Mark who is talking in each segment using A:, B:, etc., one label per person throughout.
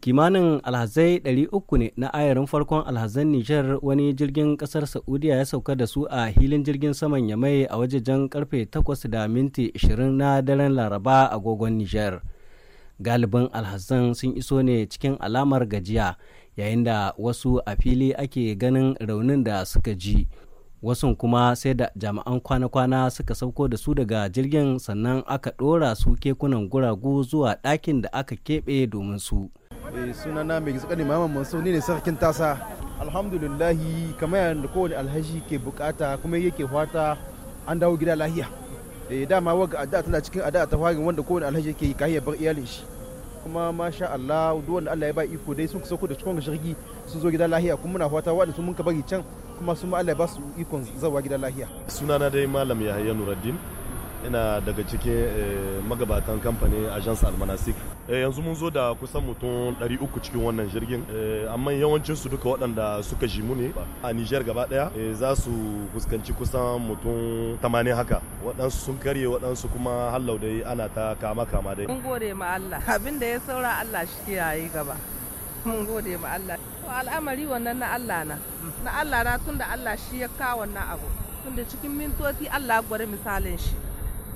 A: kimanin alhazai 300 ne na ayarin farkon alhazan nijar wani jirgin kasar saudiya ya sauka da su a hilin jirgin saman yamai a wajejen karfe 8 da minti 20 na daren laraba agogon nijar galibin alhazan sun iso ne cikin alamar gajiya yayin da wasu a fili ake ganin raunin da suka ji wasun kuma sai da jami'an kwana-kwana suka sauko da su daga jirgin sannan aka ɗora su kekunan guragu zuwa ɗakin da aka keɓe domin su
B: Eh, sunana mai gisa kani Muhammad ni ne sarkin tasa alhamdulillahi kamar yadda kowane alhaji ke bukata kuma yake fata an dawo gida lahiya eh dama waga addu'a tana cikin addu'a ta fagin wanda kowane alhaji yake ya bar iyalin shi kuma masha Allah duk wanda Allah ya ba iko dai sun sauko da cikon shirgi sun zo gida lahiya kuma muna fata waɗanda sun ka bari can kuma sun ma Allah ya ba su ikon zawa gida lahiya
C: sunana dai malam Yahaya Nuruddin ina daga cikin eh, magabatan kamfanin agence almanasik eh, yanzu mun zo da kusan mutum 300 cikin wannan jirgin eh, amma yawancin su duka waɗanda suka ji mu ne a niger gaba daya za su fuskanci kusan mutum 80 haka waɗansu sun karye waɗansu kuma hallau dai ana ta kama kama dai mun
D: gode ma Allah abin da ya saura Allah shi yayi gaba mun gode ma Allah al'amari wannan na Allah na na Allah na tunda Allah shi ya kawo wannan abu tunda cikin mintoci Allah gwada misalin shi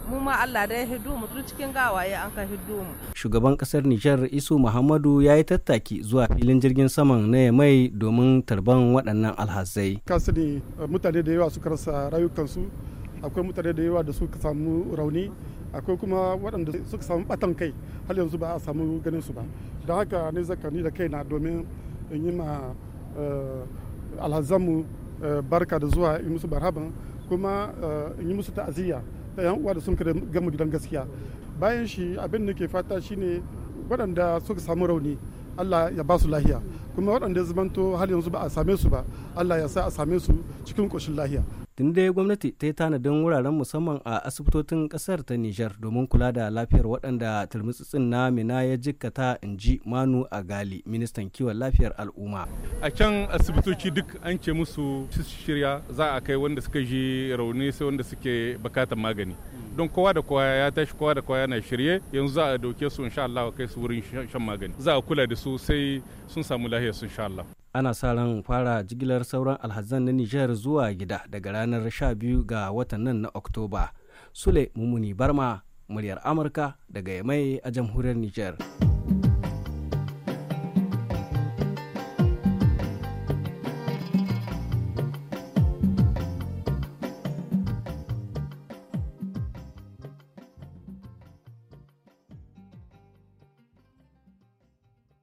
D: mu ma Allah dai hiddu mu tun cikin gawaye an ka hiddu mu
A: shugaban kasar Nijar Isu Muhammadu ya yi tattaki zuwa filin jirgin saman na Yamai domin tarban waɗannan alhazai
E: kasani eh, mutane da yawa suka rasa rayukansu akwai mutane da yawa da suka samu rauni akwai kuma waɗanda suka samu batan kai har yanzu ba a samu ganin su ba don haka ne zaka ni da kaina domin in yi ma eh, alhazanmu eh, barka da zuwa in musu barhaban kuma in yi musu ta'aziyya da yan uwa da sun kare gama gidan gaskiya bayan shi abin da ke fata shine waɗanda suka samu rauni Allah ya ba su lahiya kuma waɗanda ya zamanto har yanzu ba a same su ba Allah ya sa a
A: same su cikin ƙoshin lahiya tun dai gwamnati ta yi tanadin wuraren musamman a asibitocin kasar ta nijar domin kula da lafiyar waɗanda turmutsutsin na mina ya jikkata in ji manu a gali ministan kiwon lafiyar al'umma a can asibitoci duk an ce musu
F: shirya za a kai wanda suka ji rauni sai wanda suke bukatar magani don kowa da kowa ya tashi kowa da kowa yana shirye yanzu za a dauke su insha Allah kai su wurin shan magani za a kula da su sai sun samu lahiya su insha Allah
A: ana sa ran fara jigilar sauran alhazan na nijar zuwa gida daga ranar 12 ga watan nan na oktoba sule muni barma muryar amurka daga yamai a jamhuriyar nijar.